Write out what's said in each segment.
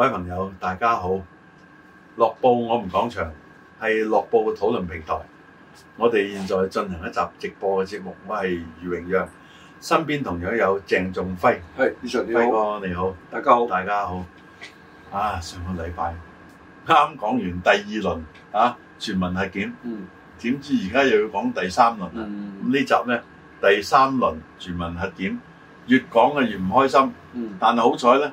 各位朋友，大家好。《樂報我唔講場》，係《樂報》討論平台。我哋現在進行一集直播嘅節目。我係余榮樣，身邊同樣有鄭仲輝。係，余常輝哥你好，大家好，大家好。啊，上個禮拜啱講完第二輪啊，全民核檢，點知而家又要講第三輪啊？咁呢集呢，第三輪全民核檢，越講啊越唔開心。但係好彩呢。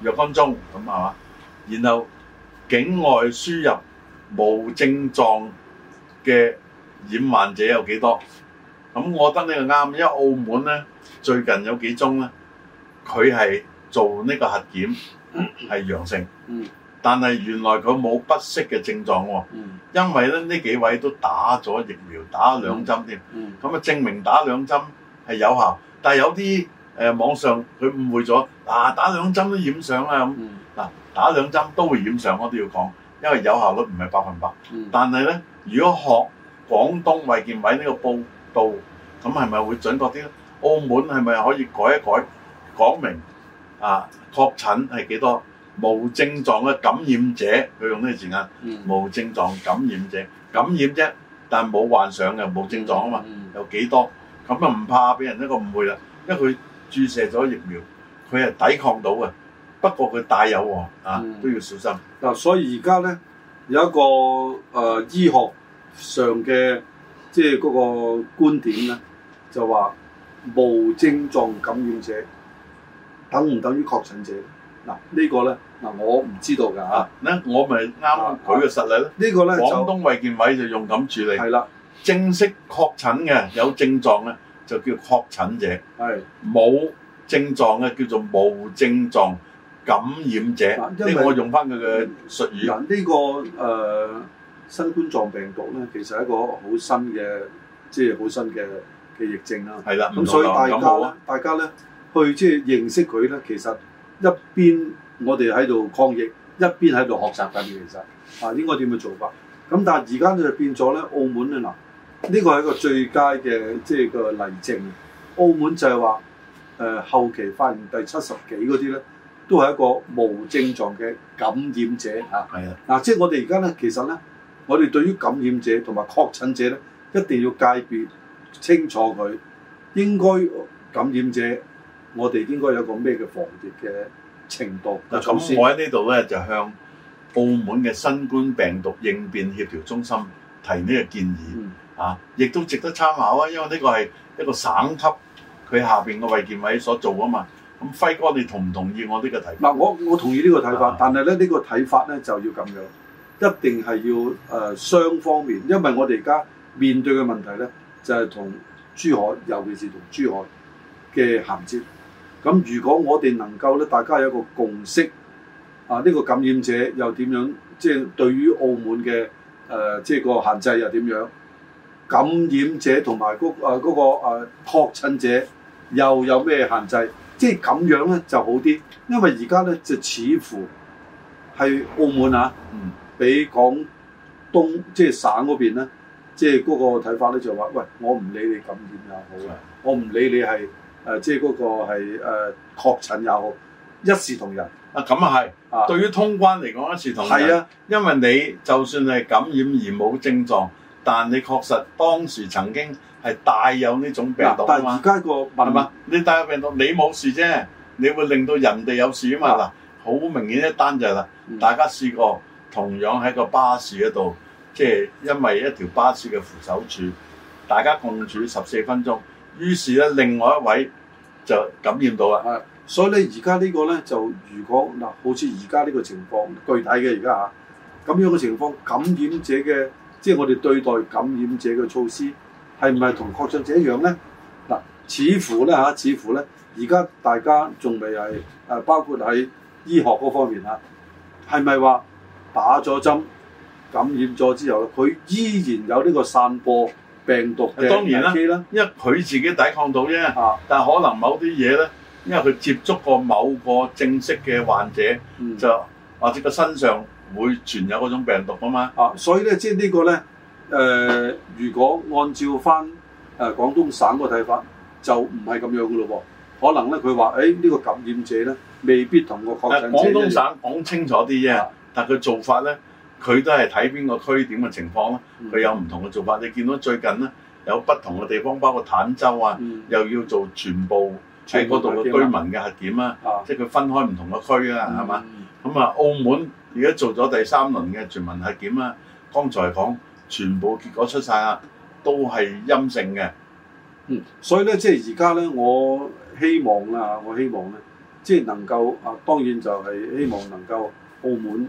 六分鐘咁啊嘛，然後境外輸入無症狀嘅染患者有幾多？咁我覺得呢個啱，因為澳門咧最近有幾宗咧，佢係做呢個核檢係陽性，但係原來佢冇不適嘅症狀喎。因為咧呢幾位都打咗疫苗，打兩針添。咁啊、嗯嗯、證明打兩針係有效，但係有啲。誒，網上佢誤會咗，嗱，打兩針都染上啦，咁，嗱，打兩針都會染上，我都要講，因為有效率唔係百分百。但係咧，如果學廣東衞健委呢個報道，咁係咪會準確啲咧？澳門係咪可以改一改講明啊，確診係幾多無症狀嘅感染者？佢用咩字眼？無症狀感染者感染啫，但係冇患上嘅冇症狀啊嘛，有幾多，咁就唔怕俾人一個誤會啦，因為佢。注射咗疫苗，佢係抵抗到嘅，不過佢帶有喎，啊都要小心。嗱、嗯，所以而家咧有一個誒、呃、醫學上嘅即係嗰個觀點咧，就話無症狀感染者等唔等於確診者？嗱、啊這個、呢個咧，嗱我唔知道㗎嚇。嗱、啊啊、我咪啱佢嘅實例咧。啊這個、呢個咧，廣東衛健委就用咁處理。係啦就，的正式確診嘅有症狀嘅。就叫確診者，係冇是症狀咧，叫做無症狀感染者。呢個我用翻佢嘅術語。呢、這個誒、呃、新冠狀病毒咧，其實係一個好新嘅，即係好新嘅嘅疫症啦。係啦的，咁那所以大家咧，大家咧去即係認識佢咧，其實一邊我哋喺度抗疫，一邊喺度學習緊。其實啊，應該點樣做法？咁但係而家就變咗咧，呃、澳門嘅嗱。呢個係一個最佳嘅即係個例證。澳門就係話，誒、呃、後期發現第七十幾嗰啲咧，都係一個無症狀嘅感染者嚇。係的啊，嗱，即係我哋而家咧，其實咧，我哋對於感染者同埋確診者咧，一定要界別清楚佢，應該感染者，我哋應該有一個咩嘅防疫嘅程度咁。咁我喺呢度咧就向澳門嘅新冠病毒應變協調中心提呢個建議。嗯啊！亦都值得參考啊，因為呢個係一個省級，佢下邊個衞健委所做啊嘛。咁輝哥，你同唔同意我呢個睇法？嗱，我我同意呢個睇法，但係咧呢個睇法咧就要咁樣，一定係要誒雙方面，因為我哋而家面對嘅問題咧就係同珠海，尤其是同珠海嘅銜接。咁如果我哋能夠咧，大家有一個共識啊，呢個感染者又點樣？即係對於澳門嘅誒，即係個限制又點樣？感染者同埋嗰誒嗰個確診、呃那個呃、者又有咩限制？即係咁樣咧就好啲，因為而家咧就似乎係澳門啊，嗯，畀廣東即係、就是、省嗰邊咧，即係嗰個睇法咧就話：喂，我唔理你感染又好啊，的我唔理你係誒即係嗰個係誒、呃、確診又好，一視同仁啊。咁啊係，對於通關嚟講一視同仁。係啊，因為你就算係感染而冇症狀。但你確實當時曾經係帶有呢種病毒，但係而家個問題啊嘛，係嘛？嗯、你帶有病毒，你冇事啫，你會令到人哋有事啊嘛，嗱。好、嗯、明顯一單就係啦，大家試過同樣喺個巴士嗰度，即係因為一條巴士嘅扶手柱，大家共處十四分鐘，於是咧另外一位就感染到啦。所以咧而家呢個咧就如果嗱，好似而家呢個情況具體嘅而家嚇咁樣嘅情況，感染者嘅。即係我哋對待感染者嘅措施係唔係同確診者一樣咧？嗱、啊，似乎咧嚇、啊，似乎咧，而家大家仲未係誒、啊，包括喺醫學嗰方面嚇，係咪話打咗針感染咗之後，佢依然有呢個散播病毒嘅機率？當然啦，因為佢自己抵抗到啫，啊、但係可能某啲嘢咧，因為佢接觸過某個正式嘅患者，嗯、就或者個身上。會傳有嗰種病毒啊嘛！啊，所以咧，即係呢個咧，誒、呃，如果按照翻誒廣東省個睇法，就唔係咁樣噶咯喎。可能咧，佢話誒呢個感染者咧，未必同個確診者。誒，廣東省講清楚啲啫。係嘅。但佢做法咧，佢都係睇邊個區點嘅情況啦。佢有唔同嘅做法。你見到最近咧，有不同嘅地方，包括坦洲啊，嗯、又要做全部喺嗰度嘅居民嘅核檢啦、啊，啊啊、即係佢分開唔同嘅區啦，係嘛？咁啊，澳門。而家做咗第三輪嘅全民核檢啊！剛才講全部結果出晒啦，都係陰性嘅。嗯，所以咧，即係而家咧，我希望啦，我希望咧，即係能夠啊，當然就係希望能夠澳門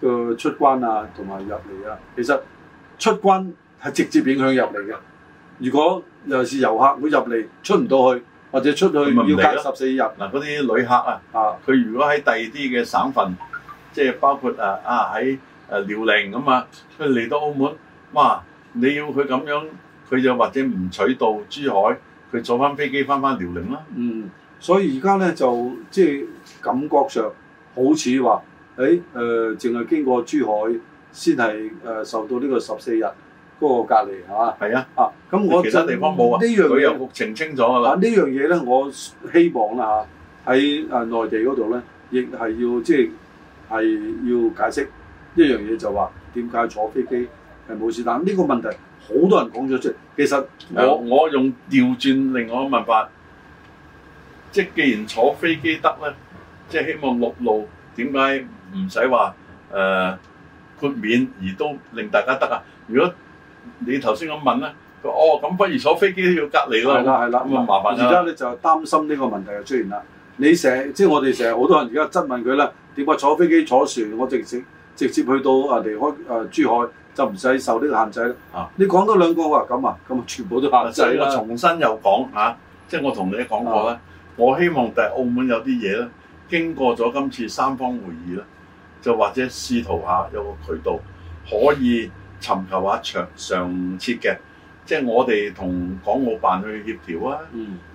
嘅出關啊，同埋入嚟啊。其實出關係直接影響入嚟嘅。如果尤其是遊客會，佢入嚟出唔到去，或者出去要隔十四日嗱，嗰啲旅客啊，佢啊，如果喺第二啲嘅省份。即係包括啊啊喺誒遼寧咁啊，佢嚟到澳門，哇！你要佢咁樣，佢就或者唔取道珠海，佢坐翻飛機翻翻遼寧啦。嗯，所以而家咧就即係感覺上好似話，誒、欸、誒，淨、呃、係經過珠海先係誒受到呢個十四日嗰個隔離，係嘛？係啊，啊咁我其他地方冇啊。呢樣嘢又目清清楚啊嗱，呢樣嘢咧，我希望啦嚇喺誒內地嗰度咧，亦係要即係。係要解釋一樣嘢，就話點解坐飛機係冇事？但呢個問題好多人講咗出嚟。其實我、呃、我用調轉另外一個問法，即係既然坐飛機得咧，即係希望陸路點解唔使話誒豁免而都令大家得啊？如果你頭先咁問咧，哦咁不如坐飛機都要隔離啦，係啦係啦，咁啊麻煩。而家咧就擔心呢個問題就出現啦。你成日，即係我哋成日好多人而家質問佢啦，點解坐飛機坐船，我直直直接去到離開誒珠海就唔使受呢個限制咧？嚇、啊！你講多兩個話咁啊，咁啊，全部都限制啦！就係我重新又講嚇、啊，即係我同你講過咧，啊、我希望第日澳門有啲嘢咧，經過咗今次三方會議咧，就或者試圖下有個渠道可以尋求下長上設嘅，即係我哋同港澳辦去協調啊，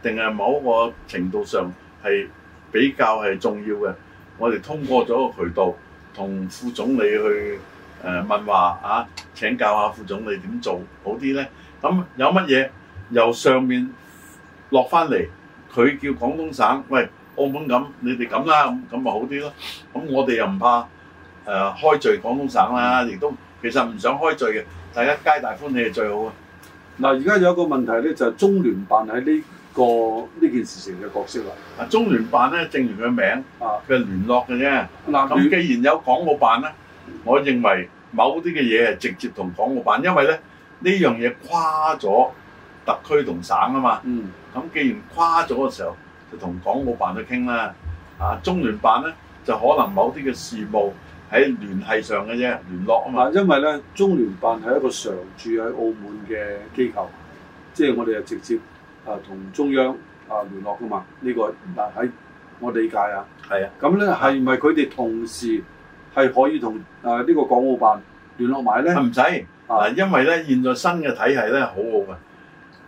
定係某一個程度上。係比較係重要嘅，我哋通過咗個渠道同副總理去誒、呃、問話啊，請教下副總理點做好啲咧。咁有乜嘢由上面落翻嚟，佢叫廣東省喂澳門咁，你哋咁啦，咁咪好啲咯。咁我哋又唔怕誒、呃、開罪廣東省啦，亦都其實唔想開罪嘅，大家皆大歡喜係最好啊。嗱，而家有一個問題咧，就係、是、中聯辦喺呢個呢件事情嘅角色啦，啊中聯辦咧，正如佢名佢係、啊、聯絡嘅啫。咁、啊、既然有港澳辦咧，嗯、我認為某啲嘅嘢係直接同港澳辦，因為咧呢樣嘢跨咗特區同省啊嘛。咁、嗯、既然跨咗嘅時候，就同港澳辦去傾啦。啊中聯辦咧，就可能某啲嘅事務喺聯繫上嘅啫，聯絡嘛啊嘛。因為咧中聯辦係一個常駐喺澳門嘅機構，即係我哋就直接。啊，同中央啊聯絡噶嘛？呢個唔係喺我理解啊。係啊。咁咧係咪佢哋同時係可以同啊呢個港澳辦聯絡埋咧？唔使啊，因為咧現在新嘅體系咧好好嘅，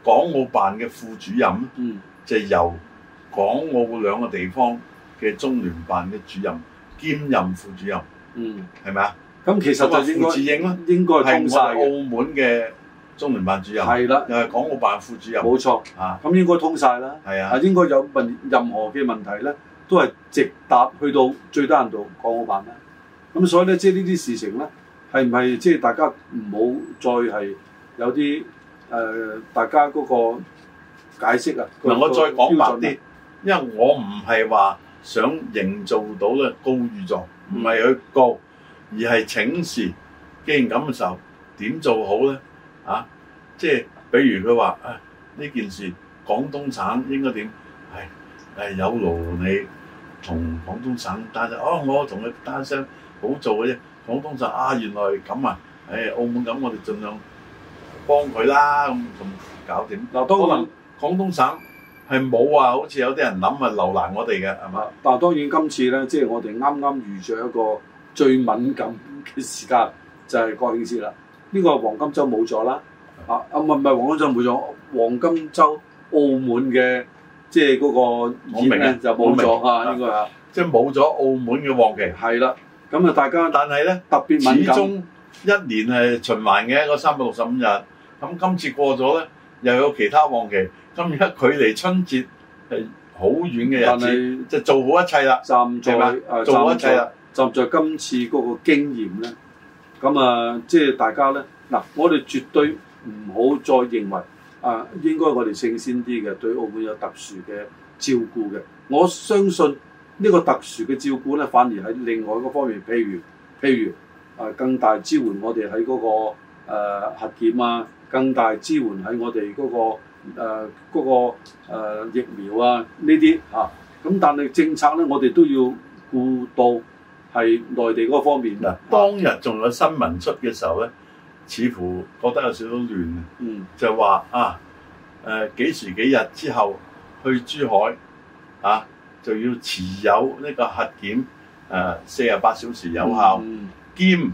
港澳辦嘅副主任，嗯，就係由港澳兩個地方嘅中聯辦嘅主任兼任副主任，嗯，係咪啊？咁其實就應該應該通曬嘅。中聯辦主任係啦，的又係港澳辦副主任。冇錯錯，咁應該通晒啦。係啊，應該的有問任何嘅問題咧，都係直達去到最低限度港澳辦啦。咁所以咧，即係呢啲事情咧，係唔係即係大家唔好再係有啲誒、呃、大家嗰個解釋啊？嗱，我再講白啲，因為我唔係話想營造到咧告御狀，唔係去告，嗯、而係請示。既然咁嘅時候，點做好咧？啊！即係比如佢話啊，呢、哎、件事廣東省應該點？係、哎、誒、哎、有勞你同廣東省，但係啊，啊哎、我同佢單聲好做嘅啫。廣東省啊，原來咁啊！誒，澳門咁，我哋盡量幫佢啦咁，咁搞掂，嗱，當然可能廣東省係冇啊，好似有啲人諗啊，留難我哋嘅係嘛？但係當然今次咧，即係我哋啱啱遇著一個最敏感嘅時間，就係、是、國慶節啦。呢個黃金週冇咗啦，啊啊唔係唔係黃金週冇咗，黃金週澳門嘅即係嗰個熱咧就冇咗啊，應該啊，即係冇咗澳門嘅旺期。係啦，咁啊大家，但係咧，特別敏感，始終一年係循環嘅一個三百六十五日，咁今次過咗咧，又有其他旺期，咁而家距離春節係好遠嘅日子，就做好一切啦，站在啊，站在站在今次嗰個經驗咧。咁啊，即係大家呢，嗱，我哋絕對唔好再認為啊、呃，應該我哋勝先啲嘅，對澳門有特殊嘅照顧嘅。我相信呢個特殊嘅照顧呢，反而喺另外嗰方面，譬如譬如、呃那個呃、啊，更大支援我哋喺嗰個核檢啊，更大支援喺我哋嗰個誒嗰個、呃、疫苗啊呢啲嚇。咁、啊、但係政策呢，我哋都要顧到。係內地嗰方面啊！當日仲有新聞出嘅時候咧，似乎覺得有少少亂、嗯、啊。就係話啊，誒幾時幾日之後去珠海啊，就要持有呢個核檢誒四十八小時有效，嗯、兼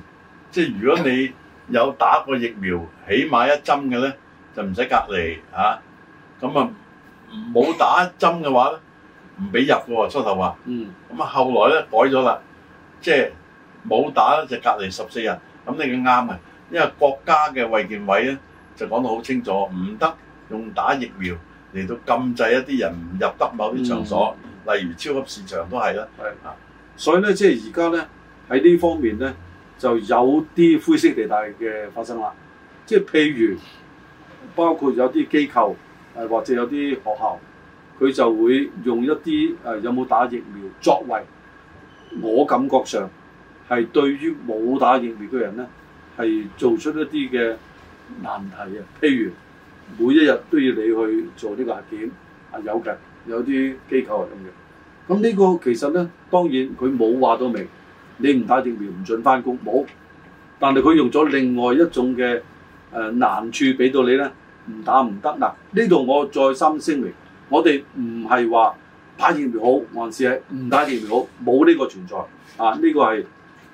即係如果你有打過疫苗， 起碼一針嘅咧，就唔使隔離啊。咁啊，冇打針嘅話咧，唔俾入嘅喎，初頭話。咁啊、嗯，後來咧改咗啦。即係冇打就是，隔離十四日，咁你嘅啱啊，因為國家嘅衛健委咧就講到好清楚，唔得用打疫苗嚟到禁制一啲人唔入得某啲場所，嗯、例如超級市場都係啦。係啊、嗯，是所以咧即係而家咧喺呢方面咧就有啲灰色地帶嘅發生啦。即係譬如包括有啲機構誒或者有啲學校，佢就會用一啲誒有冇打疫苗作為。我感覺上係對於冇打疫苗嘅人咧，係做出一啲嘅難題啊！譬如每一日都要你去做呢個核檢，啊有嘅，有啲機構係咁嘅。咁呢個其實咧，當然佢冇話到明，你唔打疫苗唔准翻工冇。但係佢用咗另外一種嘅誒難處俾到你咧，唔打唔得嗱。呢度我再三聲明，我哋唔係話。打疫苗好，還是喺唔打疫苗好？冇呢個存在啊！呢、這個係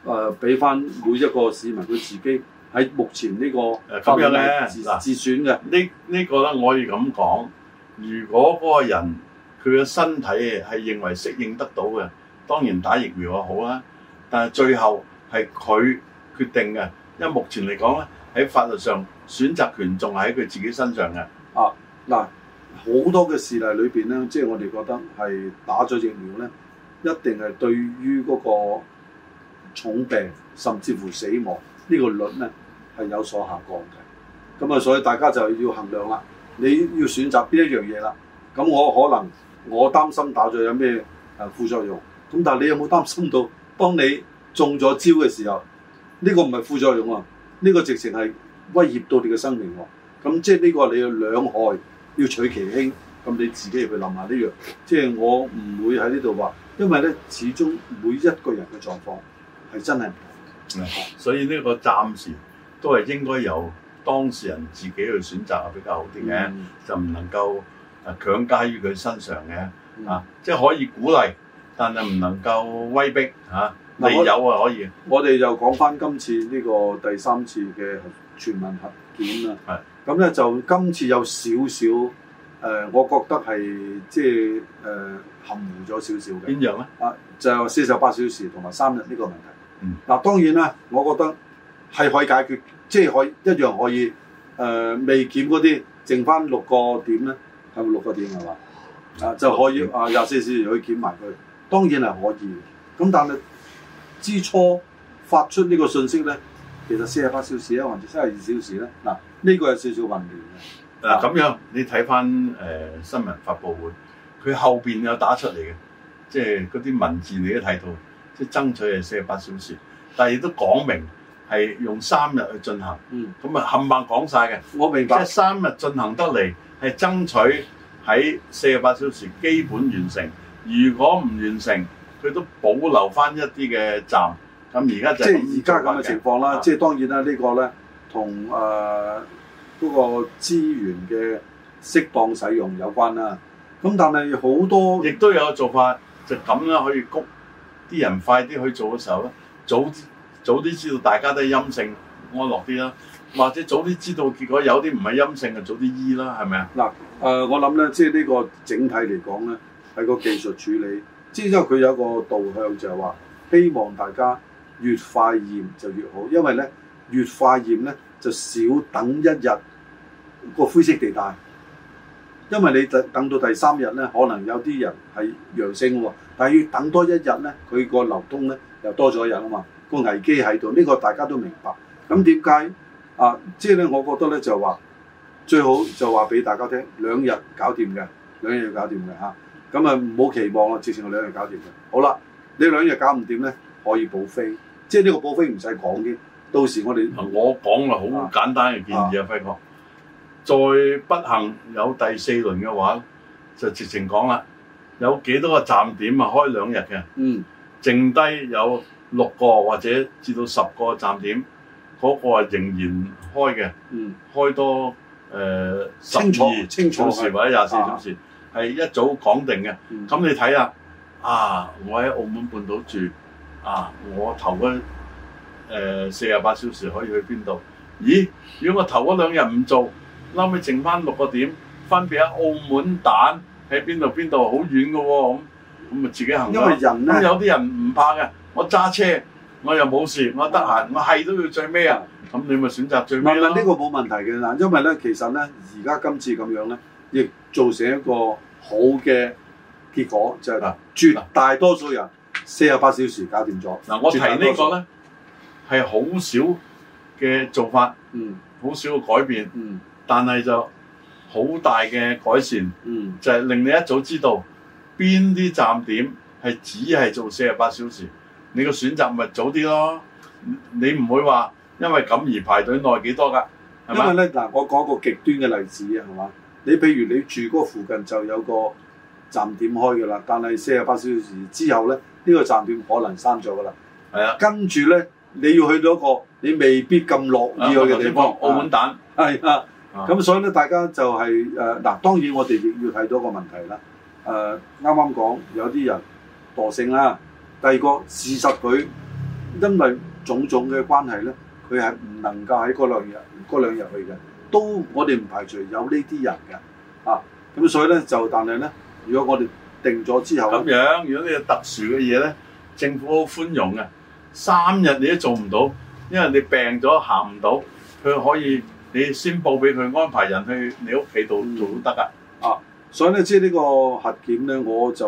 誒俾翻每一個市民佢自己喺目前個、啊、呢個咁樣嘅自自選嘅呢呢個咧，我可以咁講。如果嗰個人佢嘅身體係認為適應得到嘅，當然打疫苗就好啦。但係最後係佢決定嘅，因為目前嚟講咧，喺法律上選擇權仲係喺佢自己身上嘅。哦、啊，嗱、啊。好多嘅事例裏邊咧，即係我哋覺得係打咗疫苗咧，一定係對於嗰個重病甚至乎死亡呢個率咧係有所下降嘅。咁啊，所以大家就要衡量啦，你要選擇邊一樣嘢啦。咁我可能我擔心打咗有咩誒副作用，咁但係你有冇擔心到，當你中咗招嘅時候，呢個唔係副作用啊，呢個直情係威脅到你嘅生命喎。咁即係呢個你嘅兩害，要取其輕，咁你自己去諗下呢樣。即係我唔會喺呢度話，因為咧，始終每一個人嘅狀況係真係唔同，嗯，所以呢個暫時都係應該由當事人自己去選擇比較好啲嘅，嗯、就唔能夠強加於佢身上嘅、嗯啊。啊，即係可以鼓勵，但係唔能夠威逼嚇。你有啊，可以。我哋就講翻今次呢個第三次嘅全民核檢啊。嗯咁咧就今次有少少誒、呃，我覺得係即係誒含糊咗少少嘅。邊樣咧？啊，就四十八小時同埋三日呢個問題。嗯。嗱、啊，當然啦，我覺得係可以解決，即係可以一樣可以誒、呃、未檢嗰啲，剩翻六個點咧，係咪六個點係嘛？啊，就可以點啊，廿四小時可以檢埋佢，當然係可以。咁但係之初發出個呢個信息咧，其實四十八小時咧，或者七十二小時咧？嗱、啊。啊呢個係少少混亂嘅嗱，咁樣是你睇翻誒新聞發佈會，佢後邊有打出嚟嘅，即係嗰啲文字你都睇到，即係爭取係四十八小時，但係亦都講明係用三日去進行，咁啊冚唪唥講晒嘅。我明白，即係三日進行得嚟係爭取喺四十八小時基本完成，如果唔完成，佢都保留翻一啲嘅站。咁而家就係而家咁嘅情況啦，即係、嗯、當然啦，呢個咧。同誒嗰個資源嘅適當使用有關啦。咁但係好多亦都有個做法，就咁、是、樣可以谷啲人快啲去做嘅時候咧，早早啲知道大家都係陰性，安樂啲啦。或者早啲知道結果有啲唔係陰性，就早啲醫啦，係咪啊？嗱誒、呃，我諗咧，即係呢個整體嚟講咧，係個技術處理。即因為佢有一個導向就係話，希望大家越快驗就越好，因為咧。越化驗咧，就少等一日個灰色地帶，因為你等等到第三日咧，可能有啲人係陽性喎，但係要等多一日咧，佢個流通咧又多咗一日啊嘛，個危機喺度，呢個大家都明白。咁點解啊？即係咧，我覺得咧就話最好就話俾大家聽，兩日搞掂嘅，兩日要搞掂嘅嚇。咁啊，唔好期望啦，至前我兩日搞掂嘅。好啦，你兩日搞唔掂咧，可以補飛，即係呢個補飛唔使講嘅。到時我哋、嗯，我講啊，好簡單嘅建議啊，輝哥。再不幸有第四輪嘅話，就直情講啦。有幾多個站點啊，開兩日嘅，嗯，剩低有六個或者至到十個站點，嗰、嗰個仍然開嘅，嗯，開多誒、呃、理十二小時或者廿四小時，係、啊、一早講定嘅。咁、嗯嗯、你睇下啊，啊，我喺澳門半島住，啊，我頭誒，四十八小時可以去邊度？咦，如果我頭嗰兩日唔做，後尾剩返六個點，分別喺澳門蛋喺邊度？邊度好遠嘅喎咁，咁咪、哦、自己行因咯。咁有啲人唔怕嘅，我揸車我又冇事，我得閒，嗯、我係都要、嗯、要最尾啊、嗯？咁你咪選擇最尾咯？呢、這個冇問題嘅嗱，因為咧其實咧而家今次咁樣咧，亦造成一個好嘅結果，就係嗱絕大多數人四十八小時搞掂咗。嗱，我提呢個咧。係好少嘅做法，嗯，好少嘅改變，嗯，但係就好大嘅改善，嗯，就係令你一早知道邊啲、嗯、站點係只係做四十八小時，你個選擇咪早啲咯，你唔會話因為咁而排隊耐幾多㗎，係嘛？因為咧嗱，我講個極端嘅例子啊，係嘛？你譬如你住嗰附近就有個站點開㗎啦，但係四十八小時之後咧，呢個站點可能閂咗㗎啦，係啊的，跟住咧。你要去到一個你未必咁樂意去嘅地方，澳門蛋係啊，咁所以咧，大家就係誒嗱，當然我哋亦要睇到個問題啦。誒啱啱講有啲人惰性啦、啊，第二個事實佢因為種種嘅關係咧，佢係唔能夠喺嗰兩日嗰兩日去嘅，都我哋唔排除有呢啲人嘅啊。咁所以咧就，但係咧，如果我哋定咗之後，咁樣，如果你有特殊嘅嘢咧，政府好寬容嘅。三日你都做唔到，因為你病咗行唔到，佢可以你先報俾佢安排人去你屋企度做都得噶。啊，所以咧即係呢個核檢咧，我就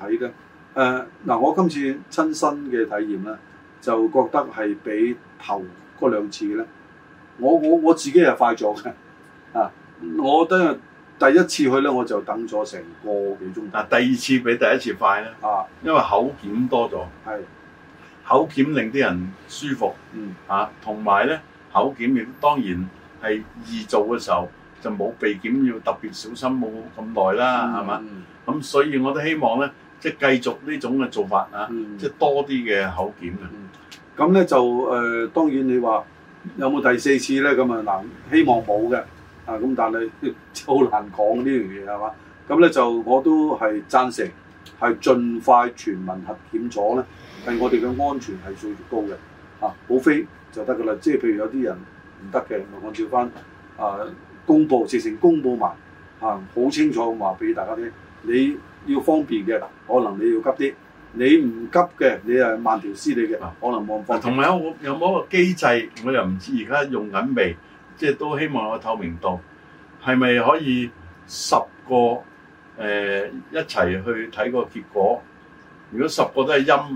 睇咧，誒、呃、嗱、啊，我今次親身嘅體驗咧，就覺得係比頭嗰兩次咧，我我我自己係快咗嘅。啊，我因為第一次去咧，我就等咗成個幾鐘頭。啊，第二次比第一次快咧。啊，因為口檢多咗。係。口檢令啲人舒服，嗯、啊、嚇，同埋咧口檢嘅當然係易做嘅時候就冇鼻檢要特別小心冇咁耐啦，係嘛？咁、嗯嗯、所以我都希望咧即係繼續呢種嘅做法啊，即係多啲嘅口檢嘅。咁咧、嗯嗯、就誒、呃、當然你話有冇第四次咧咁啊嗱，希望冇嘅、嗯、啊咁，但係好難講呢樣嘢係嘛？咁咧就我都係贊成係盡快全民核檢咗咧。係我哋嘅安全係最高嘅，嚇、啊、好飛就得噶啦。即係譬如有啲人唔得嘅，咪按照翻、呃、啊公佈直情公佈埋，嚇，好清楚話俾大家聽。你要方便嘅，可能你要急啲；你唔急嘅，你係慢條斯理嘅。啊、可能幫幫同埋有冇有冇一個機制？我又唔知而家用緊未？即係都希望有個透明度，係咪可以十個誒、呃、一齊去睇個結果？如果十個都係陰啊！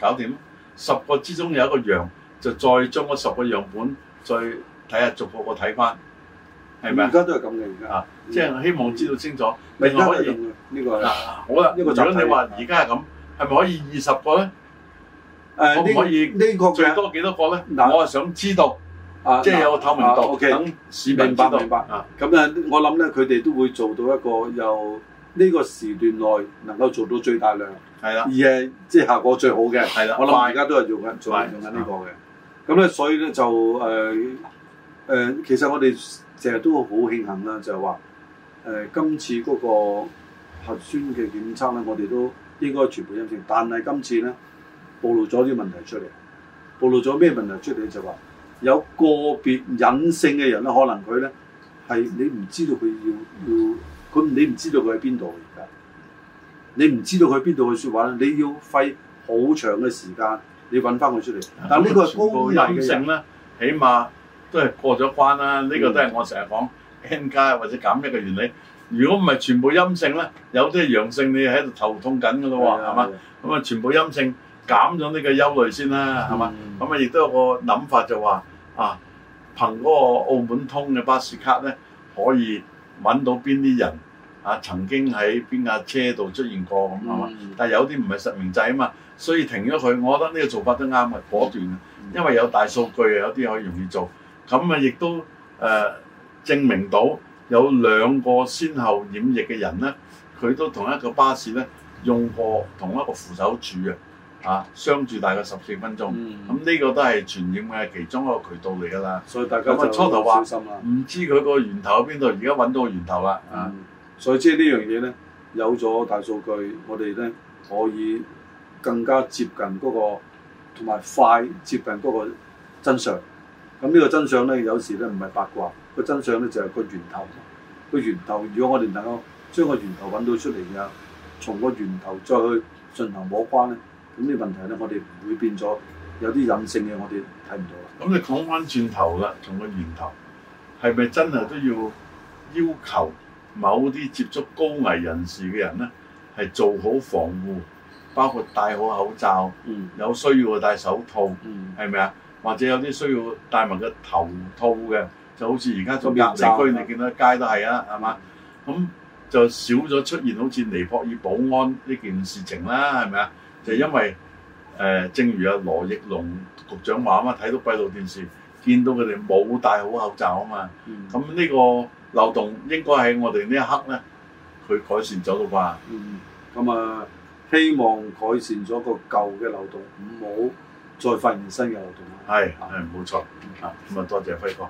搞掂十個之中有一個陽，就再將嗰十個樣本再睇下，逐個個睇翻，係咪？而家都係咁嘅，而家啊，即係希望知道清楚，咪可以呢個啊？好啦，呢個就如果你話而家係咁，係咪可以二十個咧？誒，呢個最多幾多個咧？我係想知道啊，即係有透明度，等市民知道啊。咁啊，我諗咧，佢哋都會做到一個又，呢個時段內能夠做到最大量，係啦的，而係即係效果最好嘅，係啦的。我諗大家都係用緊，做緊的，用緊的呢個嘅。咁咧，所以咧就誒誒、呃呃，其實我哋成日都好慶幸啦，就係話誒今次嗰個核酸嘅檢測咧，我哋都應該全部陰性。但係今次咧暴露咗啲問題出嚟，暴露咗咩問題出嚟？就話、是、有個別隱性嘅人咧，可能佢咧係你唔知道佢要要。嗯佢你唔知道佢喺邊度而家，你唔知道佢喺邊度嘅説話，你要費好長嘅時間，你揾翻佢出嚟。但係呢個全部陰性咧，起碼都係過咗關啦。呢個都係我成日講 N 加或者減一個原理。如果唔係全部陰性咧，有啲係陽性你喺度頭痛緊嘅咯喎，係嘛？咁啊全部陰性減咗呢個憂慮先啦，係嘛？咁啊亦都有個諗法就話啊，憑嗰個澳門通嘅巴士卡咧可以，揾到邊啲人啊？曾經喺邊架車度出現過咁啊嘛，嗯、但係有啲唔係實名制啊嘛，所以停咗佢。我覺得呢個做法都啱嘅，果斷啊，因為有大數據啊，有啲可以容易做。咁啊，亦都誒證明到有兩個先後染疫嘅人咧，佢都同一個巴士咧用過同一個扶手柱啊。嚇、啊，相住大概十四分鐘，咁呢、嗯、個都係傳染嘅其中一個渠道嚟㗎啦。所以大家就小心啦。唔知佢個源頭喺邊度，而家揾到個源頭啦。啊、嗯，嗯、所以即係呢樣嘢咧，有咗大數據，我哋咧可以更加接近嗰、嗰個，同埋快接近嗰個真相。咁呢個真相咧，有時咧唔係八卦，個真相咧就係、係、個源頭。個源頭，如果我哋能夠將個源頭揾到出嚟嘅，從個源頭再去進行摸關咧。咁呢個問題咧，我哋會變咗有啲隱性嘅，我哋睇唔到。咁你講翻轉頭啦，從個源頭，係咪真係都要要求某啲接觸高危人士嘅人咧，係做好防護，包括戴好口罩，嗯，有需要嘅戴手套，嗯，係咪啊？或者有啲需要戴埋個頭套嘅，就好似而家咁樣做隔離區，你見到街都係啊，係嘛？咁就少咗出現好似尼泊爾保安呢件事情啦，係咪啊？.就因為誒，正如阿羅奕龍局長話嘛，睇到閉路電視，見到佢哋冇戴好口罩啊嘛。咁呢、嗯、個漏洞應該喺我哋呢一刻咧，佢改善咗到啩、嗯。嗯。咁啊，希望改善咗個舊嘅漏洞，唔好再發現新嘅漏洞。係係，冇錯。啊、嗯，咁啊，多謝輝哥。